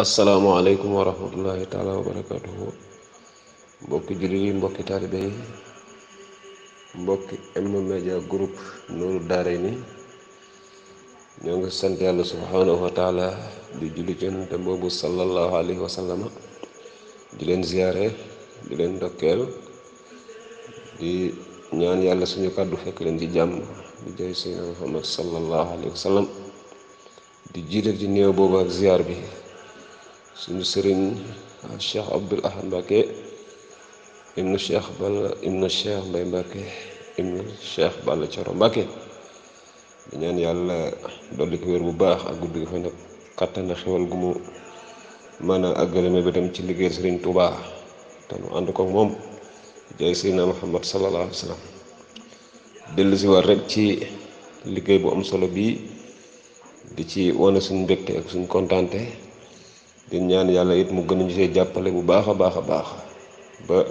asalaamaaleykum wa rahmatullahi taala wa barakatuhu mbokki jullit yi mbokki taalibe yi mbokki M-Media Group Nourou Darayni ñoo ngi sant yàlla subhaanahu wa taala di julli ci yonent boobu sallallahu alayhi wa di leen yàlla suñu kàddu fekk leen ci jàmm di jëy ci néew boobu ak ziyaar bi suñu sëriñ ah, cheikh abdul ahad mbàkke ibnu cheikh balla ibnu cheikh mbay mbàkke ibnu coro mbàkke di ñaan yàlla dolli ko wér bu baax ak guddi gi fa nekk kàttan na xewal gu mu mën a àggale bi tam ci liggéey sëriñ tubaa te nu ànd ko moom jaay seydina muhammad sallallahu alayhi wa si war rek ci liggéey bu am solo bii di ci wane suñu mbégte ak suñu kontaante di ñaan yàlla it mu gën see jàppale bu baax a baax a baax ba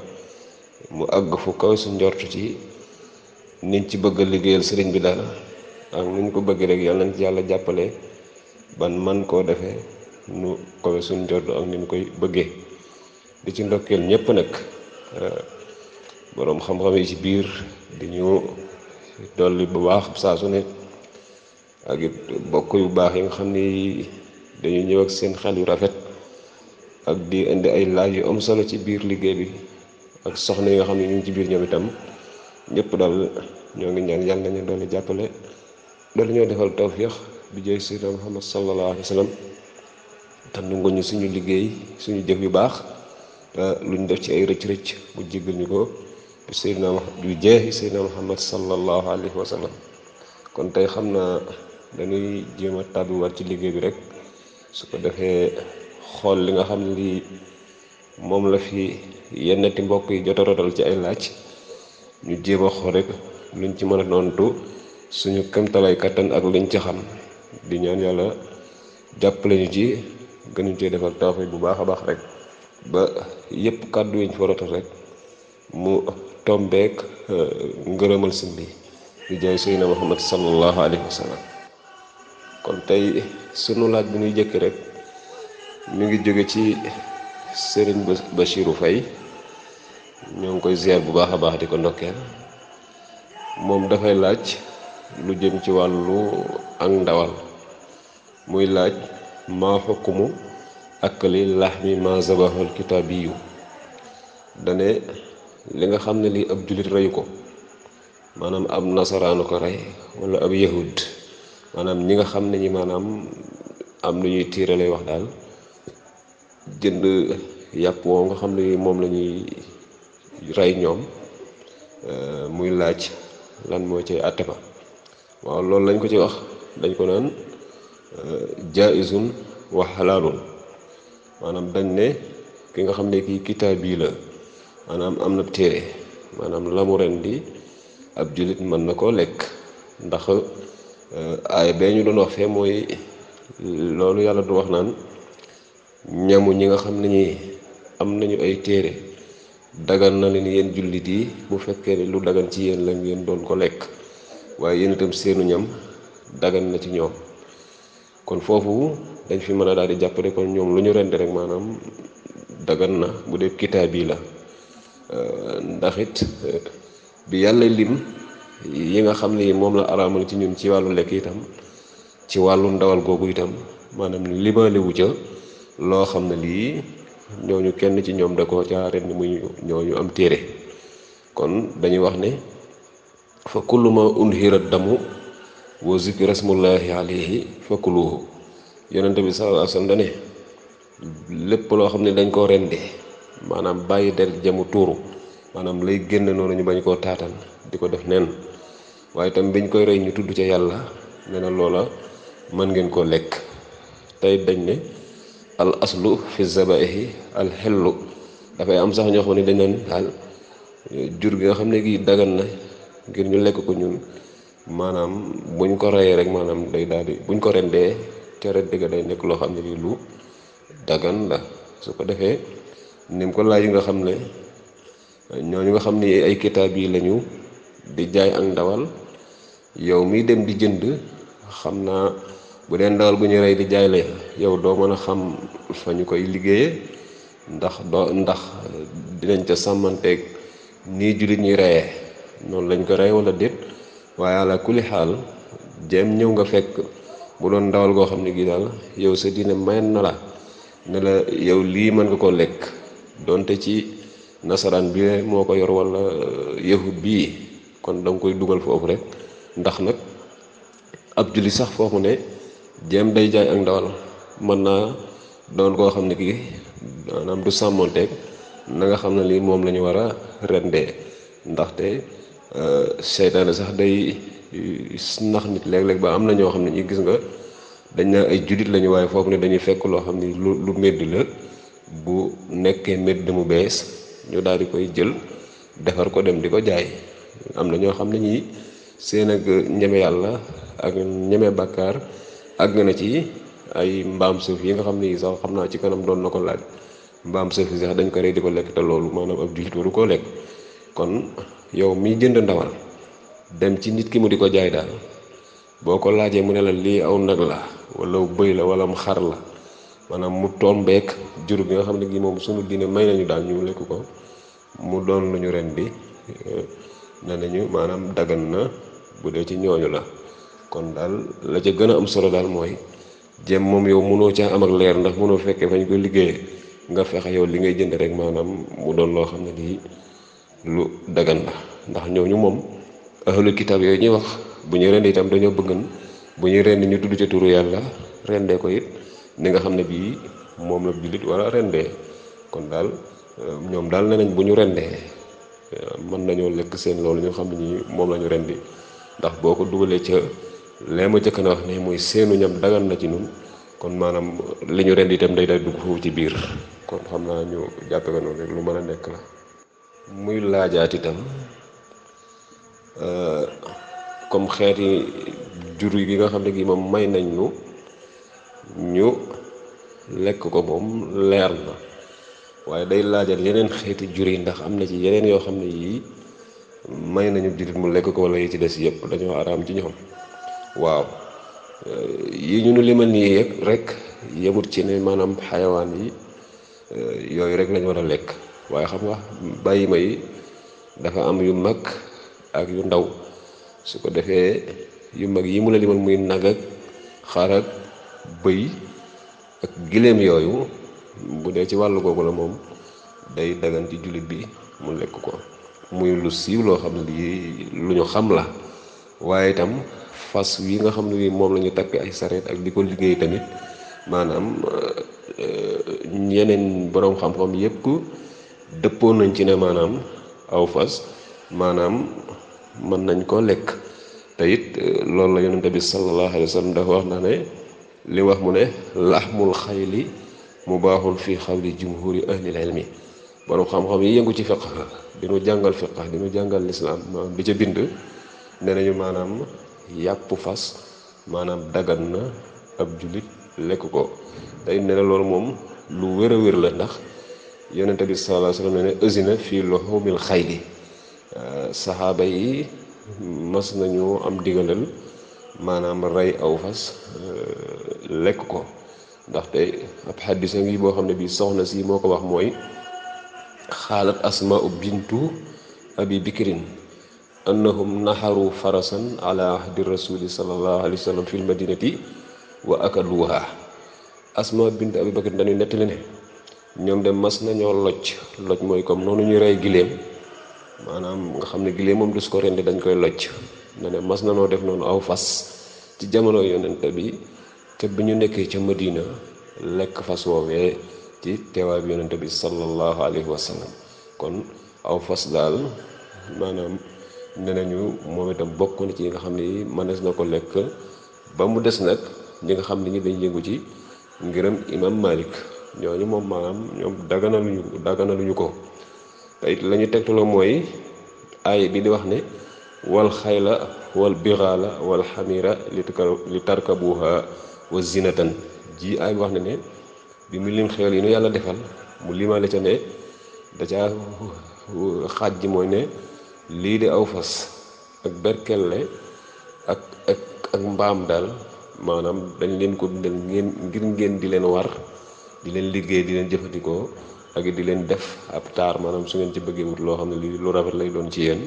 mu àgg fu kaw suñ njort ci niñ ci bëgg a liggéeyal sëriñ bi daal ak ko bëgg rek yàlla nañ ci yàlla jàppale ban man koo defee nu kaw suñ njort ak ñu koy bëggee di ci ndokkeel ñëpp nag eh, boroom xam-xam ci biir di ñu dolli bu baax saa su ne ak it bokk yu baax yi nga xam ni dañu ñëw ak seen xel yu rafet ak di indi ay laaj yu am solo ci biir liggéey bi ak soxna yoo xam ne ñu ngi ci biir ñoom itam ñépp daal ñoo ngi ñaan yàlla nañu doon jàppale doon ñoo defal tawfiix bi jëy sayyidina Muhammad sallallahu alayhi wa sallam te nangu suñu liggéey suñu jëf yu baax te def ci ay rëcc rëcc mu jéggal ñu ko bi sayyidina bi jeexi sayyidina Muhammad sallallahu alayhi wa sallam kon tey xam naa dañuy jéem a tàbbiwaat ci liggéey bi rek su ko defee. xool li nga xam ne lii moom la fi yennati mbokk yi jot a rotal ci ay laaj ñu jéem xool rek luñ ci mën a nontu suñu këmtalay kattan ak liñ ci xam di ñaan yàlla jàppale ñu ci gënuñ cee defal tawfay bu baax a baax rek ba yépp kàddu yiñ fa rotal rek mu tombeek euh, ngërëmal sëñ bi di jaay Seydina Muhammad sallallahu alayhi wa sallam kon tey sunu laaj bi ñuy jëkki rek mu ngi jóge ci Serigne Bachirou Faye ñoo ngi koy ziar bu baax a baax di ko ndokkeel moom dafay laaj lu jëm ci wàllu ak ndawal muy laaj maa xukkumu akli laxmi ma zabahal kitaabiyu dane li nga xam ne li ab jullit reyu ko maanaam ab nasaraanu ko rey wala ab yahud maanaam ñi nga xam ne ñi maanaam am lu ñuy tiire lay wax daal jënd yàpp woow nga xam ne moom lañuy ñuy rey ñoom euh, muy laaj lan moo ci àtte ba waaw loolu lañ ko ci wax dañ ko naan euh, jaizun wa xalaalun maanaam dañ ne ki nga xam ne kii kitaab bii la maanaam am na téere maanaam lamu ren di ab jullit mën na koo lekk ndax euh, aay bee ñu doon wax fee mooy loolu yàlla du wax naan ñamu ñi nga xam ne ñi am nañu ay téere dagan na leen yéen jullit yi bu fekkee ne lu dagan ci yéen la ngeen doon ko lekk waaye yéen itam seenu ñam dagan na ci ñoom kon foofu dañ fi mën a daal di jàpp ñoom lu ñu rend rek maanaam dagan na bu dee kitaab yi la euh, ndax it euh, bi yàlla lim yi nga xam ne yi moom la araamal ci ñun ci wàllu lekk itam ci wàllu ndawal googu itam maanaam limaale ca loo xam ne lii ñooñu kenn ci ñoom da ko caa ren muy ñooñu am téere kon dañuy wax ne fa kullu ma unhira damu wa zikra smullahi alayhi fa kuluhu yonent bi sallallahu alayhi wasallam dane lépp loo xam ne dañ ko rendee maanaam bàyyi del jamu tuuru maanaam lay génn noonu ñu bañ koo taatan di ko def nen waaye tam biñ koy rey ñu tudd ca yàlla nee na loola mën ngeen koo lekk tey dañ ne al aslu fi zabaihi al xellu dafay am sax ñoo xam ne dañ doon jur gi nga xam ne gi dagan na ngir ñu lekk ko ñun maanaam buñ ko reyee rek maanaam day daal buñ ko rendee cere dëgg day nekk loo xam ne lii lu dagan la su ko defee ni ko laaj yi nga xam ne ñooñu nga xam ne ay kitaab yi lañu di jaay ak ndawal yow mii dem di jënd xam naa bu dee ndawal bu ñu rey di jaay la yow doo mën a xam fa ñu koy liggéeye ndax doo ndax dinañ ca sàmmanteeg nii jullit ñi reyee noonu lañ ko rey wala déet waaye ala kulli xaal jéem ñëw nga fekk bu doon ndawal goo xam ne gi daal yow sa diine mayen na la ne la yow lii mën nga koo lekk donte ci nasaraan bi moo ko yor wala euh, yahud bii kon da koy dugal foofu rek ndax nag ab julli sax foofu ne jéem day jaay ak ndawal mën naa doon koo xam ne kii maanaam du sàmmonteeg na nga xam ne lii moom la ñu war a rendee ndaxte euh, seytaane sax day nax nit léeg-léeg ba am na ñoo xam ne ñi gis nga dañ naa ay judit lañu waaye foog ne dañuy fekk loo xam ne lu lu médd la bu nekkee médd mu bees ñu daal di koy jël defar ko dem di ko jaay am na ñoo xam ne ñii seen ak ñeme yàlla ak ñeme bàkkaar àgg na ci ay mbaam suuf yi nga xam ne sax xam naa ci kanam doon na ko laaj mbaam suuf yi sax dañ ko rey di ko lekk te loolu maanaam ab jullit waru koo lekk kon yow miy jënd ndawal dem ci nit ki mu di ko jaay daal boo ko laajee mu ne la lii aw nag la wala bëy la wala mu xar la maanaam mu tombeek jur bi nga xam ne gi moom sunu diine may nañu daal ñu lekk ko mu doon lu ñu ren bi eh, ne nañu maanaam dagan na bu dee ci ñooñu la kon daal la ca gën a am solo daal mooy jéem moom yow mënoo caa am ak leer ndax mënoo fekkee fañ ko liggéeyee nga fexe yow li ngay jënd rek maanaam mu doon loo xam ne lii lu dagan la ndax ñooñu moom ahlu kitaab yooyu ñuy wax bu ñuy rend itam dañoo bëggan bu ñuy rend ñu tudd ca turu yàlla rendee ko it ni nga xam ne bii moom la jullit war a rendee kon daal ñoom daal ne nañ bu ñu rendee mën nañoo lekk seen loolu ñu xam ne moom la ñu rendi ndax boo ko dugalee ca lee ma jëkk na wax ne muy seenu ñam dagan na ci nun kon maanaam li ñu rend itam day day dugg foofu ci biir kon xam naa ñu jàppe ko noonu lu mën a nekk la muy laajaat itam euh, comme xeeti jur gi nga xam ne gi moom may nañ ñu ñu lekk ko moom leer na waaye day laajal yeneen xeeti jur yi ndax am na ci yeneen yoo xam ne yii may nañu jurit mu lekk ko wala yi ci des yëpp dañoo araam ci ñoom waaw eh, yi ñu nu limal nii yëpp rek yemut ci ne maanaam xayawaan yi eh, yooyu rek lañ war a lekk waaye xam nga bàyyi may dafa am yu mag ak yu ndaw su ko defee yu mag yi mu la limal muy nag ak xar ak bëy ak gileem yooyu mu dee ci wàllu googu la moom day dagan ci jullit bi mu lekk ko muy lu siiw loo xam ne lii lu ñu xam la waaye itam fas yi nga xam ne ni moom la ñu takk ay sareet ak di ko liggéey tamit maanaam euh, yeneen boroom xam-xam yépp dëppoon nañ ci ne maanaam aw fas maanaam mën nañ koo lekk te it euh, loolu la yonente bi sallallahu alayhi wax na ne li wax mu ne laxmul xayli mu baaxul fi xawli jumhuri ahlil ilmi boroom xam-xam yi yëngu ci fiqh dinu jàngal fiqh dinu jàngal lislaam maanaam bi ca bind ne nañu maanaam yàpp fas maanaam dagan na ab jullit lekk ko day ne loolu moom lu wér a wér la ndax yonente bi sallallahu alayhi wa sallam ne ne usina fii luhumil xayli saxaaba yi mas nañu am digalal maanaam rey aw fas lekk ko ndaxte ab xaddisa ngi boo xam ne bii soxna si moo ko wax mooy xaalat asma u bintu abi bikirin annahum naxaru farasan ala ahdi rasuli sallallahu alayhi wa sallam fil madinati wa akaluha asma bint abi bakar dañuy nettali ne ñoom de mas nañoo locc locc mooy comme noonu ñu rey giléem maanaam nga xam ne giléem moom du su ko rendi dañ koy locc ne ne mas nañoo def noonu aw fas ci jamono yonent bi te bu ñu nekkee ca madina lekk fas woowee ci teewaay bi yonent bi sallallahu alayhi wa sallam kon aw fas daal maanaam ne nañu moom itam bokk ci yi nga xam ne yi mënees na ko lekk ba mu des nag ñi nga xam ne ñi dañ yëngu ci ngiram imam malik ñooñu moom maanaam ñoom daganaluñu daganaluñu ko te it la ñu tegtaloo mooy aay bi di wax ne wal xayla wal biraala wal xamira li tarkabuha wa zinatan ji aay bi wax ne ne bi mu lim xeel yi nu yàlla defal mu limaale ca ne da xaaj ji mooy ne lii de aw fas ak berkelle ak ak mbaam daal maanaam dañ leen ko bindal ngir ngeen di leen war di leen liggéey di leen jëfandikoo ak di leen def ab taar maanaam su ngeen ci bëggee wut loo xam ne lii lu rafet lay doon ci yéen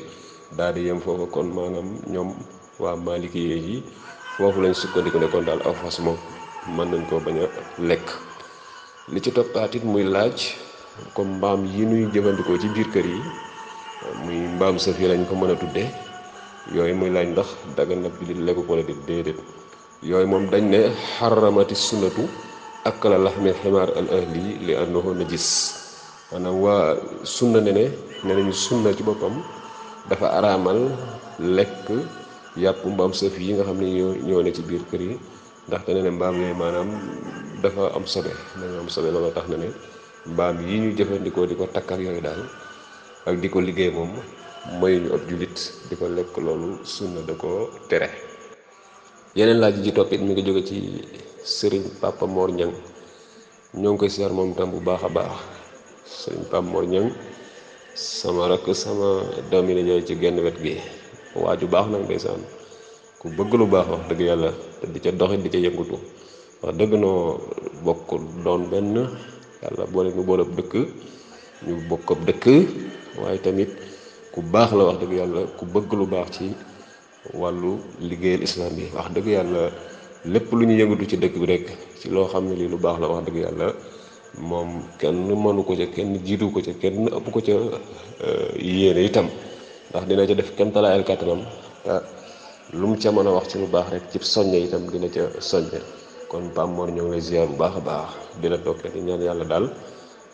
daal di yem foofu kon maanaam ñoom waa Maliki yi foofu lañ sukkandiku ne daal aw fas moom mën nañ koo bañ a lekk. li ci toppaat muy laaj comme mbaam yi nuy jëfandikoo ci biir kër yi. muy mbaam sëf yi lañ ko mën a tuddee yooyu muy laaj ndax dagan na bi di ko wala di déedéet yooyu moom dañ ne xaramati sunnatu akala laxmil ximaar al ahli li annahu najis maanaam waa sunna ne ne ne nañu sunna ci boppam dafa araamal lekk yàpp mbaam sëf yi nga xam ne ñoo ne ci biir kër yi ndaxte ne ne mbaam yooyu maanaam dafa am sobe dañu am sobe loolu tax na ne mbaam yi ñu jëfandikoo di ko takkar yooyu daal ak di ko liggéey moom mayuñu ab jullit di ko lekk loolu sunna da ko tere yeneen laaj ji toppit mi ngi jóge ci sëriñ Papa Mor Niang ñoo ngi koy siyaar moom tam bu baax a baax sëriñ Papa Mor Niang sama rakk sama doom yi ñoo ci genn wet gi waa ju baax nag ndeysaan ku bëgg lu baax wax dëgg yàlla di ca doxit di ca yëngutu wax dëgg noo bokk doon benn yàlla boole ñu boolab dëkk ñu bokk ab dëkk waaye tamit ku baax la wax dëgg yàlla ku bëgg lu baax ci wàllu liggéeyal islam bi wax dëgg yàlla lépp lu ñu yëngatu ci dëkk bi rek ci loo xam ne lii lu baax la wax dëgg yàlla moom kenn mënu ko ca kenn jiitu ko ca kenn ëpp ko ca eh, yéene itam ndax dina ca def kenn talaayal kàttanam lu mu ca mën a wax ci lu baax rek ci soññe itam dina ca soññe kon Pam Mor ñoo ngi lay ziar bu baax a baax dina toog rek ñaan yàlla daal.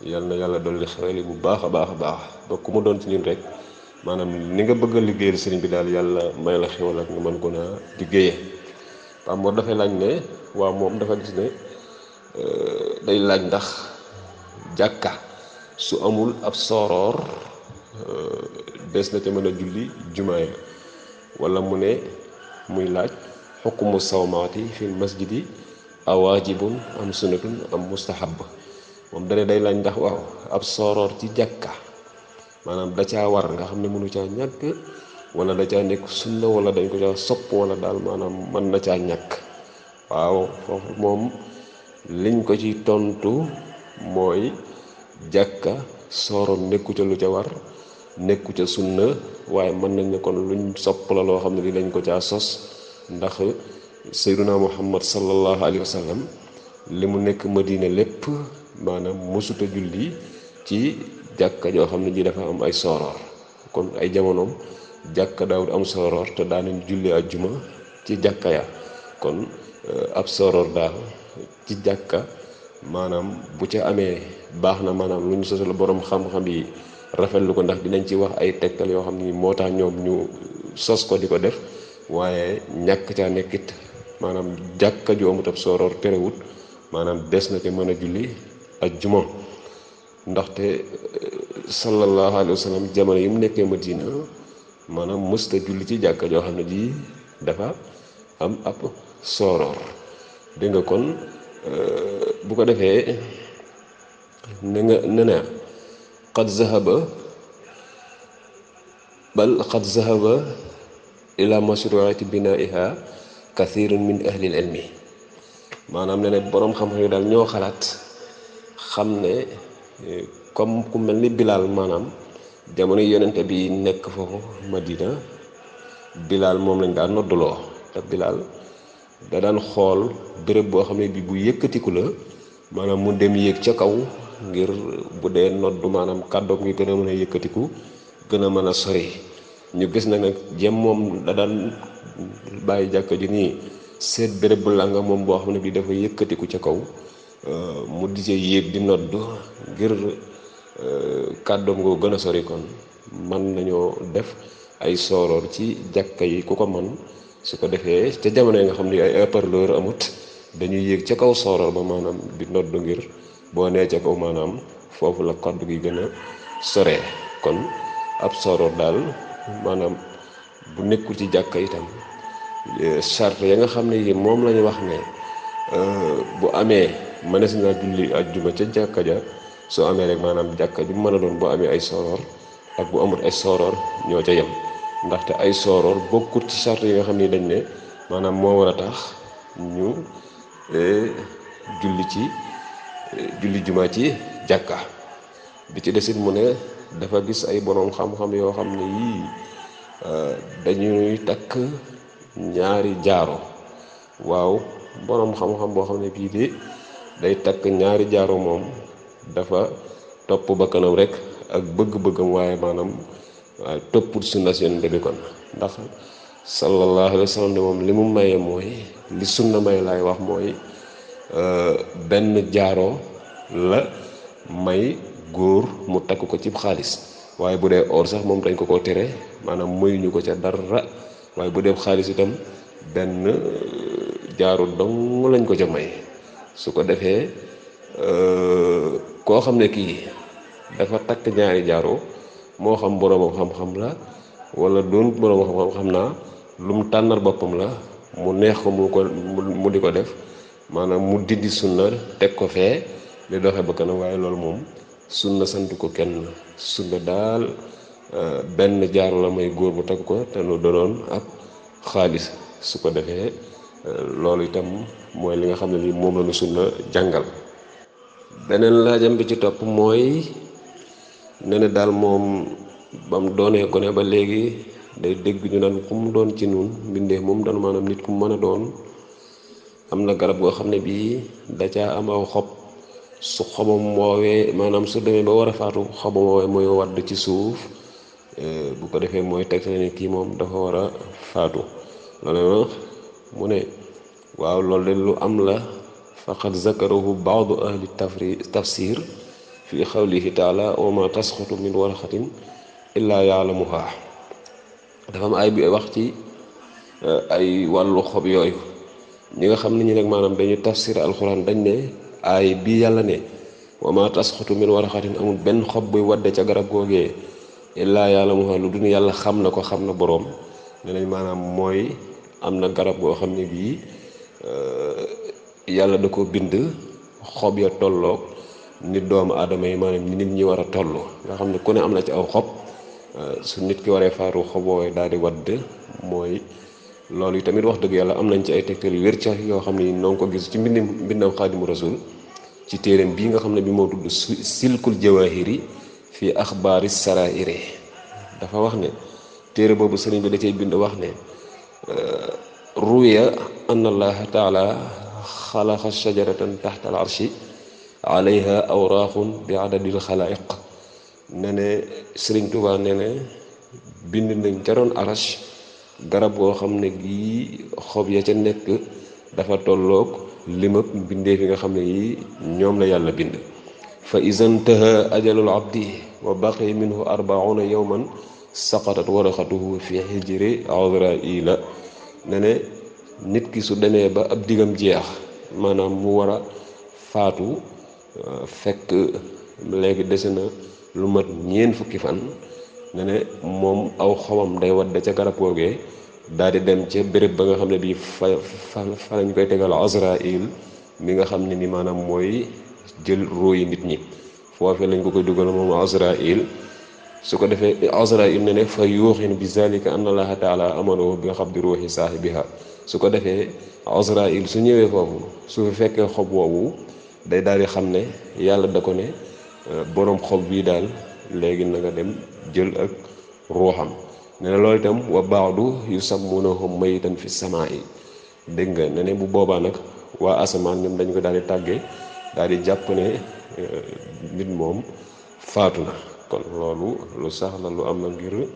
yal na yàlla dolli xewal bu baax a baax a baax ba ku mu doon ci ñun rek maanaam ni nga bëgg a liggéeyal sëriñ bi daal yàlla may la xewal ak nga man ko naa liggéeyee Pape Mor dafay laaj ne waa moom dafa gis ne euh, day laaj ndax jàkka su amul ab soroor euh, des na ca mën a julli jumaa ya wala mu ne muy laaj xukkumu sawmaati fil masjidi awaajibun am sunnatun am mustahab moom dane day laaj ndax waaw ab sooroor ci jàkka maanaam da caa war nga xam ne mënu caa ñàkk wala da caa nekk sunna wala dañ ko caa sopp wala daal maanaam mën na caa ñàkk waaw foofu ko ci tontu mooy jàkka sooroon nekku ca lu ca war nekku ca sunna waaye mën nañ ne kon luñ sopp la loo xam ne li dañ ko caa sos ndax sayduna muhammad sallallahu alayhi wa sallam li mu nekk madina lépp maanaam mësuta julli ci jàkka joo xam ne ji dafa am ay sooroor kon ay jamonoom jàkka daawul am sooroor te daanañ julli ajjuma ci jàkka ya kon eh, ab sooroor daal ci jàkka maanaam bu ca amee baax na maanaam lu ñu sosal borom xam-xam yi rafetlu ko ndax dinañ ci wax ay tegtal yoo xam ni moo tax ñoom ñu sos ko di ko def waaye ñàkk caa nekkit maanaam jàkka ju amut ab sooroor terewut maanaam des na te mën a julli ak ajjuma ndaxte eh, sallallahu alayhi wa sallam jamono yi mu nekkee ma Madina maanaam mësta julli ci jàkka joo xam ne ji dafa am ab sooroor dégg nga kon eh, bu ko defee ne nga ne na xad zahaba bal xad zahaba ila mashruati binaiha kathirun min ahlil ilmi maanaam ne ne boroom xam-xam yi daal ñoo xalaat xam ne euh, comme ku mel ni Bilaal maanaam jamono yonente bi nekk foofu Madina Bilaal moom lañ daan nodduloo te Bilaal da daan xool béréb boo xam ne bi bu yëkkatiku la maanaam mu dem yéeg ca kaw ngir bu dee noddu maanaam kàddoom ngi gën a mën a yëkkatiku gën a mën a sori ñu gis na nag jëm moom da daan bàyyi jàkka ji nii seet béréb bu langa moom boo xam ne bi dafa yëkkatiku ca kaw Euh, mu di see yéeg di noddu ngir euh, kàddoom goo gën a sori kon mën nañoo def ay sooroor ci jàkka yi ku ko man su ko defee ca jamono yi nga xam ne ay haut amut dañuy yéeg ca kaw sooroor ba maanaam di noddu ngir boo nee ca kaw maanaam foofu la kàddu gi gën a sore kon ab sooroor daal maanaam bu nekkul ci jàkka itam euh, charte ya nga xam ne yi moom lañu wax ne bu amee mënees naa julli juma ca jàkka ja soo amee rek maanaam jàkka mu mën a doon bu amee ay soroor ak bu amul ay soroor ñoo ca yem ndaxte ay soroor bokkut ci sart yi nga xam ne dañ ne maanaam moo war a tax ñu e, julli ci e, julli juma ci jàkka bi ci desit mu ne dafa gis ay borom xam-xam yoo xam ne yii e, dañuy takk ñaari jaaro waaw borom xam-xam boo xam ne bii de day takk ñaari jaaro moom dafa topp bakkanam rek ak bëgg-bëggam waaye maanaam waaye toppul sunna si kon ndax sallallahu alayhi wa sallam moom li mu maye mooy li sunna may laay wax mooy euh, benn jaaro la may góor mu takk ko ci xaalis waaye bu dee or sax moom dañ ko ko tere maanaam mayuñu ko ca dara waaye bu dem xaalis itam benn euh, jaaro dong lañ ko ca may su ko defee euh, koo xam ne kii dafa takk ñaari jaaro moo xam boroomam xam-xam la wala doon boroomam xam-xam naa lu mu tànnal boppam la mu neex ko mu di ko def maanaam mu dindi sunna teg ko fee di doxe ba kana waaye loolu moom na sant ko kenn sunna daal euh, benn jaaro la may góor bu takk ko te nu doonoon ab xaalis su ko defee euh, loolu itam mooy li nga xam ne li moom la nu sunna jàngal beneen laajam bi ci topp mooy ne daal moom bam doonee ko ne ba léegi day dégg ñu naan ku mu doon ci nun mbindeef moom danu maanaam nit ku mu mën a doon am na garab goo xam ne bii da caa am aw xob su xobam woowee maanaam su demee ba war a faatu xobam woowee mooy wadd ci suuf eh, bu ko defee mooy teg na ne kii moom dafa war a faatu loolu mu ne waaw loolu de lu am la faqad zakarahu baadu ahli tafri tafsir fi xawlihi taala wa ma tasxutu min warxatin illaa yaalamuha dafa am ay bi wax ci eh, ay wàllu xob yooyu nga xam ne ñi nag maanaam dañuy tafsir alxuraan dañ ne ay bi yàlla ne wa ma tasxutu min waraxatin amul benn xob buy wadde ca garab googee illaa yaalamuha lu dul yàlla xam na ko xam na boroom ne nañ maanaam mooy am na garab goo xam ne bii Euh, yàlla da ko bind xob ya tolloog nit doomu aadama yi maanaam ni nit ñi war a toll nga xam ne ku ne am na ci aw xob euh, su nit ki waree faatu xob woowee daal di wadd mooy loolu yi tamit wax dëgg yàlla am nañ ci ay tegtal yu wér ca yoo xam ne noo ngi ko gis ci mbindam mbindam xaadimu rasul ci téeréem bii nga xam ne bi moo tudd silkul jawahiri fii axbaari saraire dafa wax ne téere boobu sëriñ bi da cay bind wax ne euh, ruya an allaha taala xalaqa shajaratan taxta al arshi alayha awraaxun bi adadil xalaaiq ne ne sëriñ Tuubaa bind nañ ca arash garab goo xam ne gii xob ya ca nekk dafa tolloog limab mbindeef nga xam ne yi ñoom la yàlla bind fa isantaha ajalul abdi wa baqi minhu arbauna yowman saqatat waraqatuhu fi xijri awra ila ne ne nit ki su demee ba ab digam jeex maanaam mu war a faatu euh, fekk léegi dese na lu mat ñeent fukki fan ne ne moom aw xawam day da ca garab googee daal di dem ca béréb ba nga xam ne bi fa fa lañ koy tegal Azraïl mi nga xam ne ni maanaam mooy jël róoyi nit ñi foofee lañ ko koy dugal moom Azraïl su ko defee Azraïl ne ne fa yuuxin bi zalika anna allaha taala amano bi nga xam di bi saahibiha su ko defee il su ñëwee foofu su fekkee xob woowu day daal di xam ne yàlla da ko ne euh, boroom xob bii daal léegi na dem jël ak ruuxam ne na loolu itam wa baadu yusammunahum mayitan fi samaa yi dégg nga ne ne bu boobaa nag waa asamaan ñoom dañ ko daal di tàggee daal di jàpp ne euh, nit moom faatu na kon loolu lu sax la lu am na ngir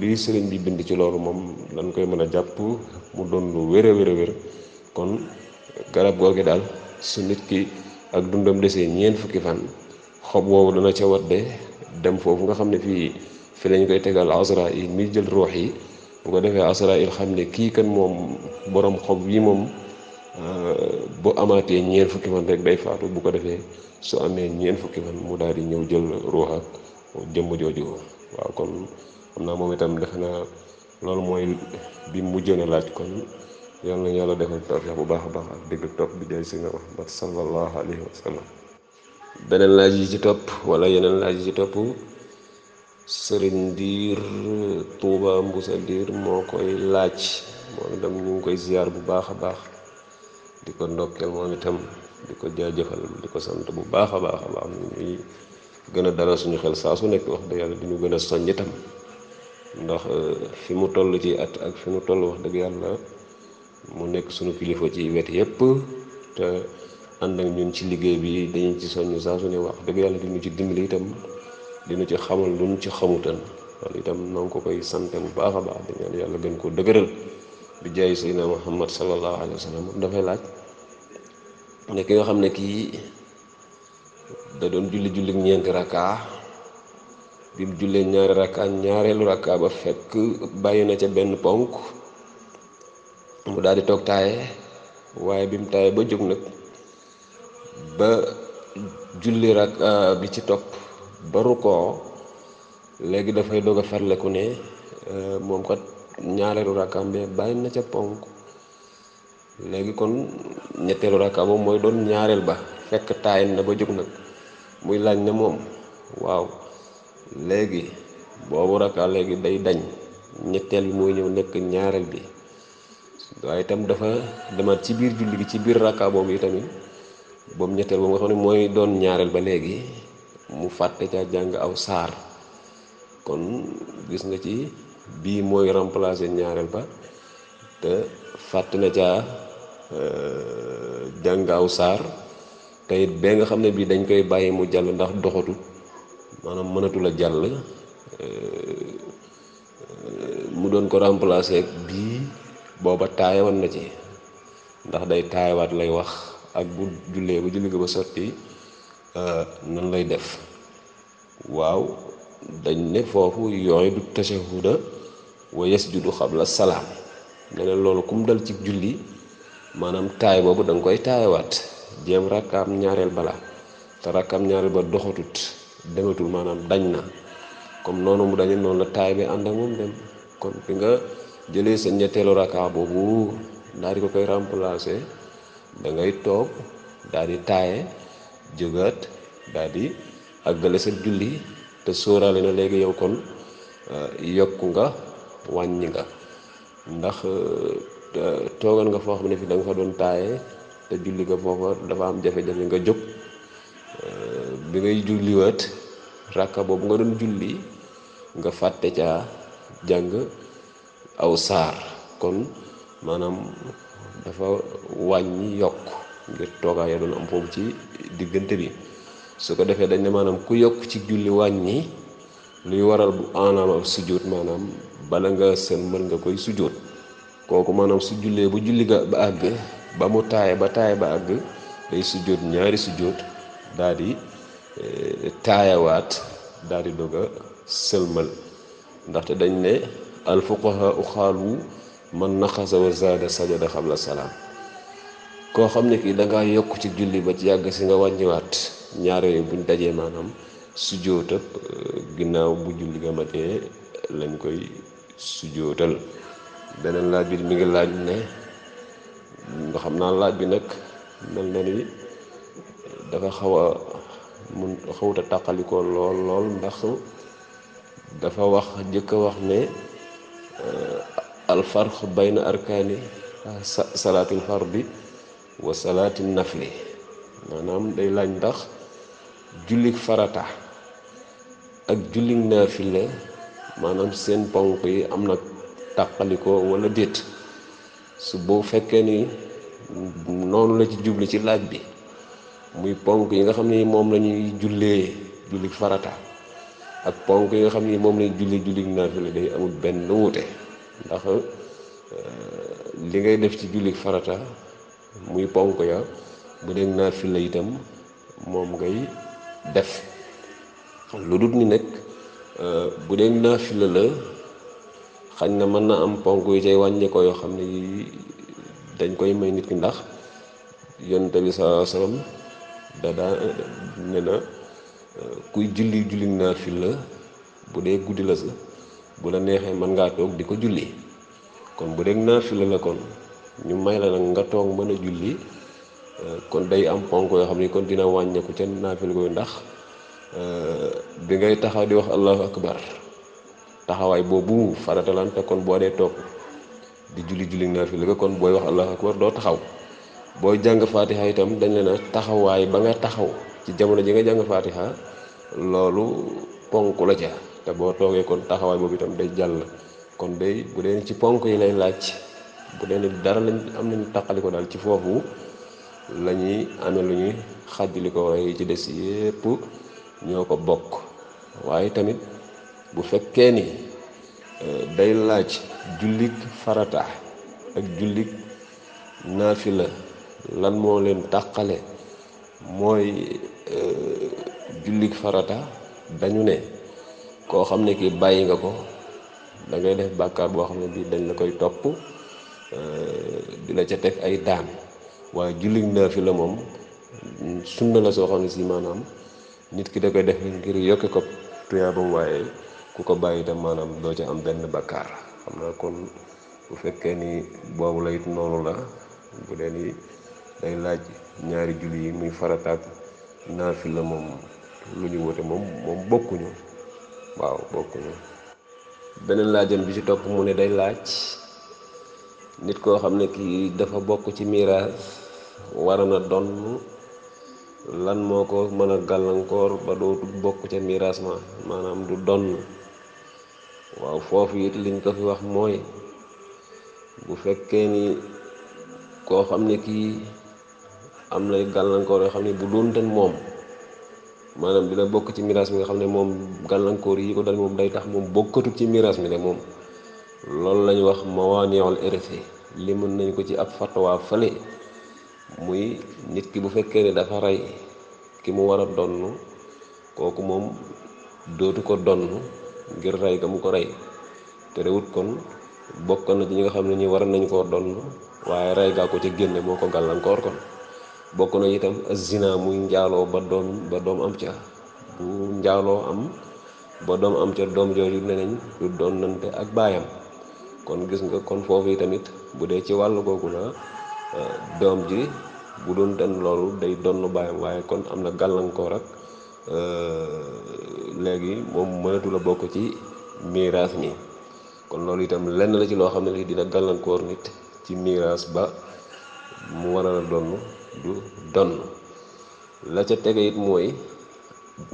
lii sëriñ bi bind ci loolu moom dañ koy mën a jàpp mu doon lu wér a wér kon garab googu daal su nit ki ak dundam desee ñeen fukki fan xob woowu dana ca de dem foofu nga xam ne fii fi lañ koy tegal asra yi muy jël ruux yi bu ko defee asra il xam ne kii kan moom borom xob yi moom euh, boo amaatee ñeent fukki fan rek day faatu bu ko defee su amee ñeen fukki fan mu daal di ñëw jël ruux ak jëmm jooju waaw kon xam naa moom itam defe naa loolu mooy bi mujjoon a laaj kon yal na yàlla defal tawfeex bu baax a baax ak dégg topp bi jaay si nga Muhammad sallallahu alayhi wa sallam beneen laaj yi ci topp wala yeneen laaj yi ci topp sëriñ Ndiir Touba Mbusa Ndiir moo koy laaj moom itam ñu ngi koy ziar bu baax a baax di ko ndokkeel moom itam di ko jaajëfal di ko sant bu baax a baax a baax ñu ngi gën a dalal suñu xel saa su nekk wax dëgg yàlla duñu ñu gën a soññ itam ndax euh, fi mu toll ci at ak fi mu toll wax dëgg yàlla mu nekk sunu kilifa ci wet yépp te ànd ak ñun ci liggéey bi dañu ci soññ saa su wax dëgg yàlla dinu ci dimbali itam dinu ci xamal luñ ci xamutan loolu itam na nga ko koy sante bu baax a baax dañaan yàlla gën koo dëgëral bi jaay sayyidina muhammad sallallahu alayhi wa sallam dafay laaj ne ki nga xam ne kii da doon julli julli ñeenti rakkaa bi mu jullee ñaari rakka ñaareelu rakka ba fekk bàyyi na ca benn ponk mu daal di toog taaye waaye bi mu taaye ba jóg nag ba julli rakka ah, bi ci topp ba rukkoo léegi dafay doog a farleku ne eh, moom kat ñaareelu rakkaam bi bàyyi na ca ponk léegi kon ñetteelu rakka moom mooy doon ñaareel ba fekk taayen na ba jóg nag muy laaj na moom waaw léegi boobu raka léegi day dañ ñetteel bi mooy ñëw nekk ñaareel bi waaye tam dafa demaat ci biir julli gi ci biir rakka boobu itamit boobu ñetteel boobu nga xam ne mooy doon ñaareel ba léegi mu fàtte ca jàng aw saar kon gis nga ci bii mooy remplacer ñaareel ba te fàtte na caa euh, jàng aw saar tey it nga xam ne bii dañ koy bàyyi mu jàll ndax doxatul maanaam mënatul a jàll euh, mu doon ko remplacer ak bii booba taayawan na ci ndax day taayawaat lay wax ak bu jullee ba julli nga ba sotti euh, nan lay def waaw dañ ne foofu yooyu du tashahuda wa yasjudu xabla salaam ne leen loolu kum dal ci julli maanaam taay boobu danga nga koy taayawaat jéem rakkaam ñaareel bala te rakkaam ñaareel ba doxatut dematul maanaam dañ na comme noonu mu dañu noonu la taay bi ànd ak moom dem kon fi nga jëlee sa ñetteelu raka boobu daal di ko koy remplacer da ngay toog daal di taaye jógaat daal di àggale sa julli te sorale na léegi yow kon euh, yokk nga wàññi nga ndax euh, toogal nga foo xam ne fi da nga fa doon taaye te julli nga foofa dafa am jafe-jafe nga jóg bi ngay julliwaat ràkka boobu nga doon julli nga fàtte ca jàng aw saar kon maanaam dafa wàññi yokk ngir toogaay ya doon am foofu ci diggante bi su ko defee dañ ne maanaam ku yokk ci julli wàññi luy waral bu anaam ak sujjóot maanaam bala nga seen mën nga koy sujjóot kooku maanaam su jullee bu julli ga ba àgg ba mu taay ba taay ba àgg day sujjóot ñaari sujjóot daal Eh, taayawaat daal di doog sëlmal ndaxte dañ ne al fuqaha u xaalu man naqasa wa zaada sajada xabla salaam koo xam ne kii danga yokk ci julli ba ci yàgg si nga wàññiwaat ñaar yooyu buñ dajee maanaam sujjóotab eh, ginnaaw bu julli nga matee lañ koy sujjóotal beneen laaj bi mi ngi laaj ne nga xam naa laaj bi nag mel na ni dafa xaw mun xawuta tàqalikoo lool lool ndax dafa wax jëkk a wax ne euh, alfarq bayna arkaani salaatil bi wa salaati nafli maanaam day laaj ndax jullik farata ak jullik naafila maanaam seen ponk yi am na tàqalikoo walla déet su boo fekkee ni noonu la ci jubli ci laaj bi muy ponk yi nga xam ne ni moom lañuy ñuy jullee julli farata ak ponk yi nga xam ni moom la ñuy julli julli naafila day amul benn wuute ndax euh, li ngay def ci julli farata muy ponk ya bu dee naafila itam moom ngay def lu dut ni nag euh, bu dee naafila la xañ na mën na am ponk yi cay wàññi yoo xam ne dañ koy may nit ki ndax yoon bi sallallahu alayhi da daa eh, ne na eh, kuy julli julli la bu dee guddi la sa bu la neexee mën ngaa toog di ko julli kon bu dee naafila la kon ñu may la nag nga toog mën a julli eh, kon day am ponk yoo xam ni kon dina wàññeeku ca naafila gooyu ndax bi ngay taxaw di wax allahu akbar taxawaay boobu faratalaan te kon boo dee toog di julli julli naafila ga kon booy wax allahu akbar doo taxaw booy jàng fatiha itam dañ leen a taxawaay ba nga taxaw ci jamono ji nga jàng fatiha loolu ponk la ca te boo toogee kon taxawaay boobu itam day jàll kon day bu dee ci ponk yi lay laaj bu dee ni dara lañ am nañu taqali ko daal ci foofu lañuy ñuy amee lu ñuy xàjjali ko waaye ci des yépp ñoo ko bokk waaye tamit bu fekkee ni eh, day laaj jullik farata ak jullik la lan moo leen tàqale mooy euh, jullik farata dañu ne koo xam ne kii bàyyi nga ko da ngay def bàkkaar boo xam ne bii dañ la koy topp euh, di la ca teg ay daan waaye jullik naafila moom sunna la soo xam ne si maanaam nit ki da koy def ngir yokke ko tuyaabam waaye ku ko bàyyi itam maanaam doo ca am benn bakkaar xam naa kon bu fekkee ni boobu la it noonu la bu dee ni day laaj ñaari julli yi muy farataak naafila moom lu ñu wute moom moom bokkuñu waaw bokkuñu beneen laajam bi ci topp mu ne day laaj nit koo xam ne kii dafa bokk ci miraas war na donn lan moo ko mën a gàllankoor ba bokk ca miraas ma maanaam du donn waaw foofu it liñ ko fi wax mooy bu fekkee ni koo xam ne kii am na gàllankoor yoo xam ne bu doonte moom maanaam dina bokk ci miraas mi nga xam ne moom gàllankoor yi ko dal moom day tax moom bokkatut ci miraas mi ne moom loolu lañu wax mawaaniul irsi li mën nañ ko ci ab fatwa fële muy nit ki bu fekkee ne dafa rey ki mu war a kooku moom dootu ko donn ngir rey mu ko rey te rewut kon bokk na ci ñi nga xam ne ñi war nañu koo donn waaye rey gaa ko ci génne moo ko gàllankoor kon bokk na itam zina muy njaaloo ba doom ba doom am ca bu njaaloo am ba doom am ca doom jooju ne nañ du doon nante ak baayam kon gis nga kon foofu tamit bu dee ci wàll googu na eh, doom ji bu doon ten loolu day donn baayam waaye kon am na gàllankoor ak eh, léegi moom mënatu la bokk ci miiraas mi kon loolu itam lenn la ci loo xam ne li dina gàllankoor nit ci miiraas ba mu war a doon du donn la ca tege it mooy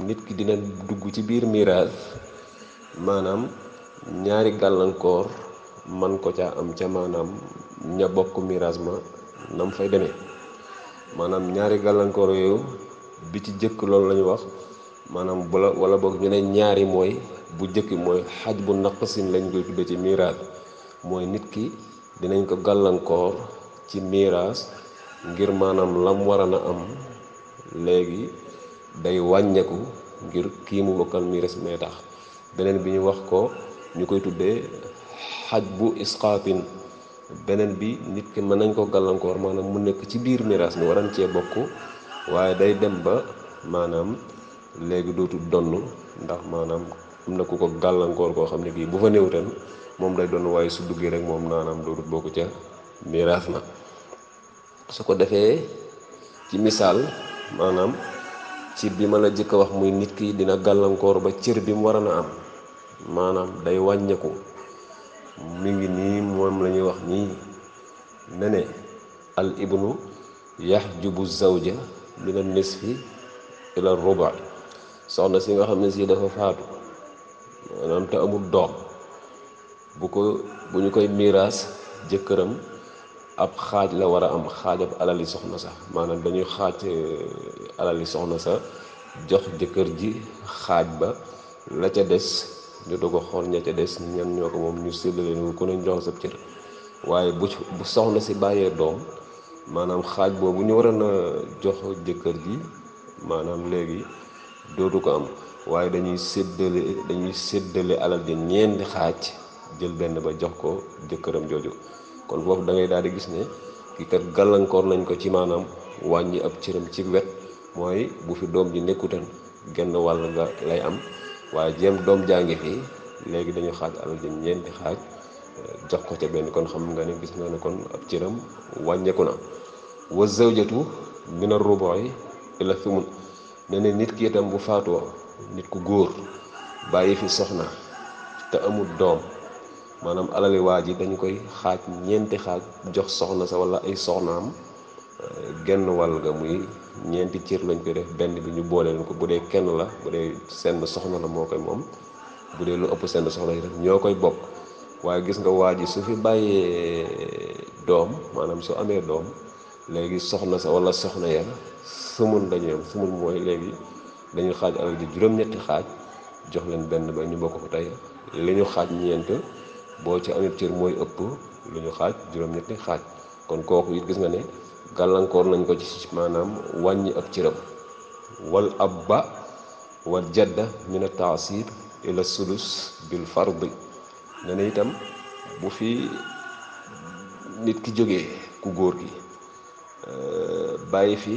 nit ki dina dugg ci biir miraas maanaam ñaari gàllankoor man ko ca am ca maanaam ña bokk miraas ma nam fay demee maanaam ñaari gàllankoor yooyu bi ci jëkk loolu lañu wax maanaam bu wala boog ñu ne ñaari mooy bu jëkk mooy xaj bu naqasin lañ koy tudde ci miraas mooy nit ki dinañ ko gàllankoor ci miraas ngir maanaam lam waran a am léegi day wàññeeku ngir kii mu bokkal miiras mee tax beneen bi ñu wax ko ñu koy tuddee xaj bu isqaatin beneen bi nit ki mën nañ koo gàllankoor maanaam mu nekk ci biir miiras mi waran cee bokk waaye day dem ba maanaam léegi dootul donn ndax maanaam am na ku ko gàllankoor koo xam ne kii bu fa néew moom day donn waaye su duggee rek moom naanaam dootul bokk ca miiras ma su ko defee ci misaal maanaam ci bi ma la jëkk a wax muy nit ki dina gàllankoor ba cër bi mu wara na am maanaam day wàññeeku mi ngi nii moom la ñuy wax nii ne ne al ibnu yaxjubu zawja min an fi ila ruba soxna si nga xam ne si dafa faatu maanaam te amul doom bu ko bu ñu koy miiraas jëkkëram ab xaaj la war a am alal yi soxna sa maanaam dañuy xaaj eh, alali soxna sa jox jëkkër ji xaaj ba la ca des ñu doog a xool ña ca des ñan ñoo ko moom ñu séddale leen ku ne jox sa waaye bu bu soxna si bàyyee doom maanaam xaaj boobu ñu waroon a jox jëkkër ji maanaam léegi dootu ko am waaye dañuy séddale dañuy séddale alal ji ñeenti xaaj jël benn ba jox ko jëkkëram jooju kon foofu da ngay daal di gis ne kii kat gàllankoor nañ ko ci maanaam wàññi ab cëram ci wet mooy bu fi doom ji nekkutan genn wàll nga lay am waaye jéem doom jaa ngi fi léegi dañu xaaj alal ji ñeenti xaaj eh, jox ko ca benn kon xam nga ne gis nga ne kon ab cëram wàññeeku na wa zawjatu min ar la ila thumun ne ne nit ki itam bu faatoo nit ku góor bàyyi fi soxna te amul doom maanaam alali waa ji dañ koy xaaj ñeenti xaaj jox soxna sa wala ay soxnaam euh, genn wàll ga muy ñeenti cër lañ koy def benn bi ñu boole ko bu dee kenn la bu seen soxna la moo koy moom bu dee lu ëpp seen soxna yi rek ñoo koy bokk waaye gis nga waa ji su fi bàyyee doom maanaam su amee doom léegi soxna sa wala soxna ya sumul dañu yem sumul mooy léegi dañu xaaj alal ji juróom xaaj jox leen benn ba ñu bokk tey li ñu xaaj ñeent boo ci amee cër mooy ëpp lu ñu xaaj juróom-ñetti xaaj kon kooku it gis nga ne gàllankoor nañ ko ci maanaam wàññi ab cëram wal abba wal jadda min a taasir ila sulus bil fardi ne itam bu fi nit ki jógee ku góor gi euh, bàyyi fi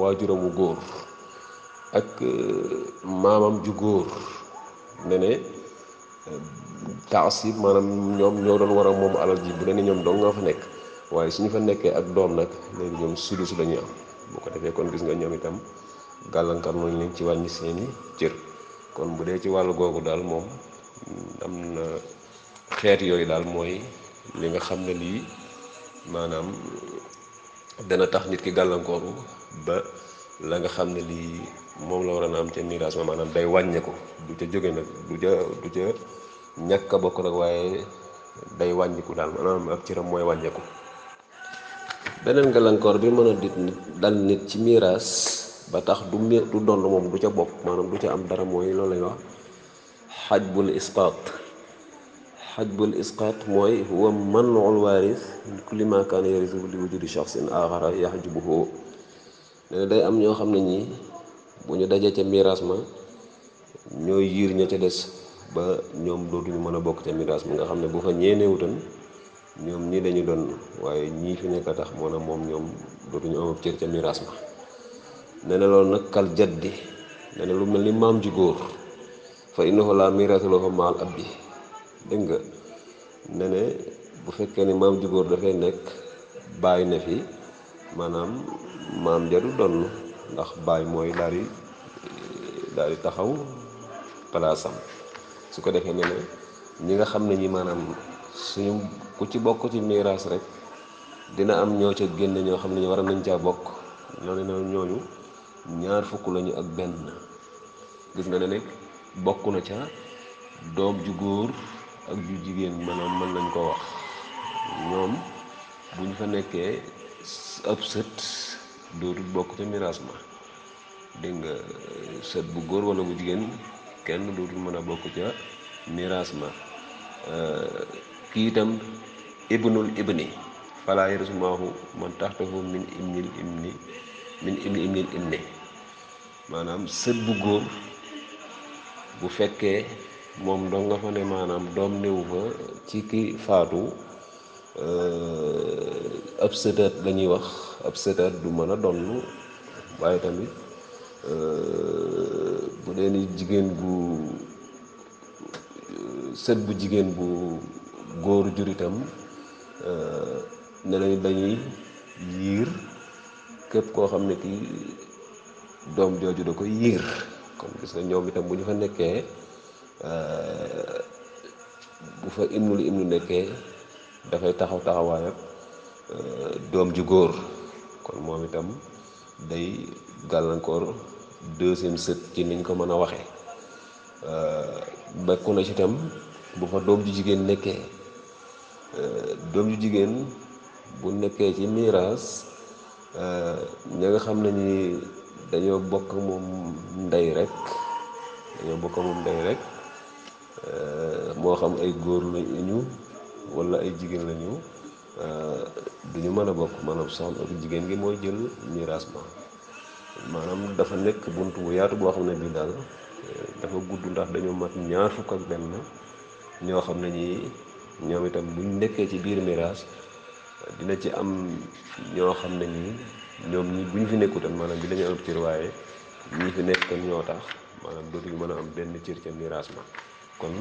waajuramu góor ak euh, maamam ju góor ne taasib maanaam ñoom ñoo doon war a moom alal ji bu dee ne ñoom doo nga fa nekk waaye su ñu fa nekkee ak doom nag léegi ñoom sudus la ñuy am boo ko defee kon gis nga ñoom itam gàllankoor nañ leen ci wàññi seeni cër kon bu dee ci wàllu googu daal moom mm, am na xeet yooyu daal mooy li nga xam ne lii maanaam dana tax nit ki gàllankooru ba la nga xam ne lii moom la war a na am ca miraas ma maanaam day wàññe ko du ca jóge nag du ca du ca ñàkk bokk nag waaye day wàññiku daal maanaam ab cëram mooy wàññeeku beneen gàllankoor bi mën a dit nit dal nit ci miiraas ba tax du mi moom du ca bokk maanaam du ca am dara mooy loolu lay wax xajbul isqaat xajbul isqaat mooy huwa manul waaris kulli ma kaana yarisu li wujudi shaxsin aaxara yaxjubuhu ne day am ñoo xam na ñi bu ñu dajee ca miiraas ma ñooy yiir ña ca des ba ñoom dootuñu mën a bokk ca miraas mi nga xam ne bu fa ñeeneewutan ñoom ñii dañu doon waaye ñii fi nekk a tax moo moom ñoom dootuñu am ab cër ca miraas ma nee na loolu nag kal jaddi na lu mel ni maam ji góor fa innahu laa miraasa lahu maal abdi dégg nga ne ne bu fekkee ni maam ji góor dafay nekk bàyyi na fi maanaam maam ja du donn ndax bàyyi mooy daal di daal di taxaw palaasam su ko defee ñu ne ñi nga xam ne ñi maanaam suñu ku ci bokk ci miraas rek dina am ñoo ca génn ñoo xam ne ñu war nañ caa bokk ñoo ne ñooñu ñaar fukk lañu ak benn gis nga ne ne bokk na ca doog ju góor ak ju jigéen maanaam mën lañ ko wax ñoom bu ñu fa nekkee ab sët dootul bokk ca miraas ma dégg nga sët bu góor wala bu jigéen kenn dootul mën a bokk ca miraas ma eh, kii itam ibnul ibni falaa yarismaahu man taxtahu min ibni min ibni ibni maanaam sët bu góor bu fekkee moom doo nga fa ne maanaam doom néew fa ci ki faatu eh, ab sëtaat lañuy wax ab sëtaat du mën a donn waaye tamit Euh, bu dee ni jigéen bu euh, set bu jigéen bu góor jur itam euh, ne nañ dañuy yiir képp koo xam ne kii doom jooju da koy yiir kon gis nga ñoom itam bu ñu fa nekkee bu fa imnu li imnu nekkee dafay taxaw taxawaayam doom ju góor kon moom itam day gàllankoor deuxième sët ci niñ ko mën a waxe euh, bekku na ci tam bu fa doom ju jigéen nekkee euh, doom ju jigéen bu nekkee ci miiras euh, ña nga xam na ni dañoo bokk moom ndey rek bokk moom ndey rek moo xam ay góor lañu walla ay jigéen lañu duñu mën a bokk maanaam soxna ak jigéen gi mooy jël miiras ma maanaam dafa nekk bunt bu yaatu boo xam ne bii daal euh, dafa gudd ndax dañoo mat ñaar fukk ak benn ñoo xam ne ñii ñoom itam buñ nekkee ci biir miraas dina ci am ñoo xam ne ñii ñoom ñi buñ fi nekkutoon maanaam bi dañu am cër waaye ñi fi nekk ñoo tax maanaam dootuñu mën a am benn cër ca miraas ma kon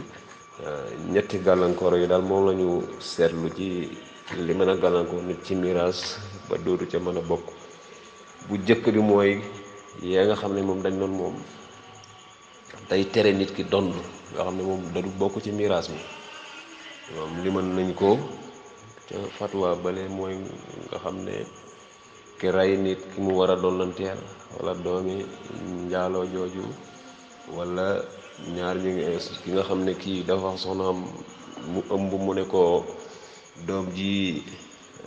euh, ñetti gàllankoor yi daal moom la seetlu ci li mën a gàllankoor nit ci miraas ba dootu ca mën a bokk bu jëkk bi mooy yaa nga xam ne moom dañ doon moom tey tere nit ki dond yoo xam ne moom dadu bokk ci miraas mi moom li mën nañ ko ca fatwa bale mooy nga xam ne ki rey nit ki mu war a dollanteel wala doomi njaaloo jooju wala ñaar ñi ki nga xam ne kii dafa soxnaam mu ëmb mu ne ko doom ji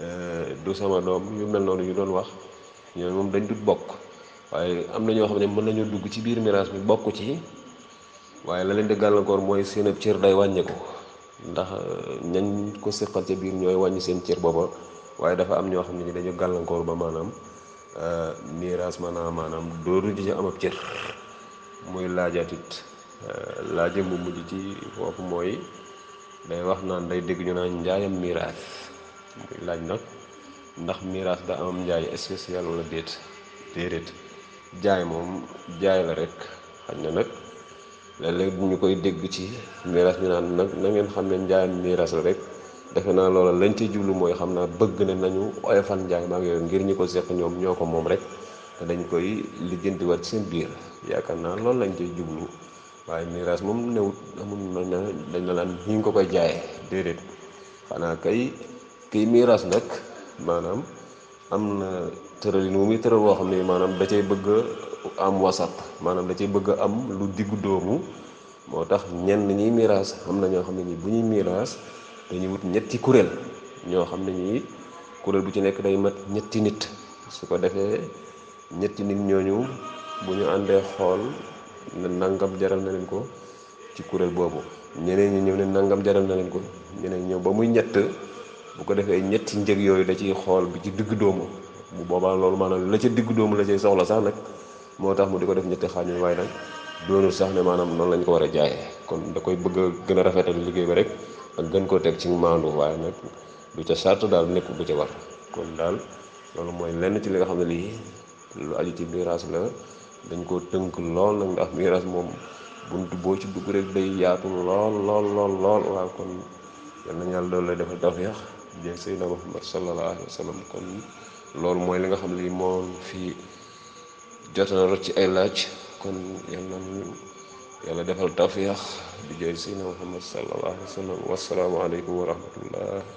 euh, du sama doom yu mel noonu ñu doon wax ñooñu moom dañ dut bokk waaye am na ñoo xam ne mën nañu dugg ci biir miraas bi bokk ci waaye la leen di gàllankoor mooy seen ab cër day wàññeeku ndax euh, ñañ ko séqal ca biir ñooy wàññi seen cër booba waaye dafa am ñoo xam ne ni dañu gàllankoor ba maanaam euh, miraas maanaam maanaam dootu ci am ab cër muy laajaatit euh, laaja mu mujj ci foofu mooy day wax naan day dégg ñu naan njaayam miraas muy laaj nag ndax miraas da am njaay spécial wala déet déedéet jaay moom jaay la rek xaj na nag léeg-léeg ñu koy dégg ci miraas ñu naan nag na ngeen xam ne njaayam miraas la rek defe naa loola lañ ci jublu xam naa bëgg ne nañu oyofal njaay maag yooyu ngir ñi ko seq ñoom ñoo ko moom rek te dañ koy lijjantiwaat seen biir yaakaar naa loolu lañ ciy jublu waaye miraas moom newut amul na dañ la naan ñi ngi ko koy jaay déedéet xanaa kay kii miraas nag maanaam am na tëralin wu muy tëral woo xam ne maanaam da cay bëgg a am wasat maanaam da cay bëgg am lu diggu doomu moo tax ñenn ñiy miraas am na ñoo xam ne ñi bu ñuy miraas ñu wut ñetti kuréel ñoo xam ne ñi kuréel bu ci nekk day mat ñetti nit su ko defee ñetti nit ñooñu bu ñu àndee xool ne nangam jaral na leen ko ci kuréel boobu ñeneen ñi ñëw ne nangam jaral na leen ko ñeneen ñëw ba muy ñett bu ko defee ñetti njëg yooyu da ciy xool bi ci digg doomu bu boobaa loolu maanaam la ca digg doomu la cay soxla sax nag moo tax mu di ko def ñetti xaaj waaye nag doonul sax ne maanaam noonu lañ ko war a jaayee kon da koy bëgg a gën a liggéey ba rek ak gën koo teg ci maandu waaye nag du ca sart daal nekk du ca war kon daal loolu mooy lenn ci li nga xam ne lii lu aju ci miraas la dañ koo tënk lool nag ndax miraas moom bunt boo ci dugg rek day yaatu lool lool lool lool waaw kon yal na yàlla doolu lay defal tawfeex jeeg Seydina Muhammad sallallahu alayhi kon loolu mooy li nga xam li moo fi jot na rot ci ay laaj kon yal na ñu yàlla defal tawfiix di jeeg Seydina Muhammad sallallahu alayhi wasalaamu aleykum wa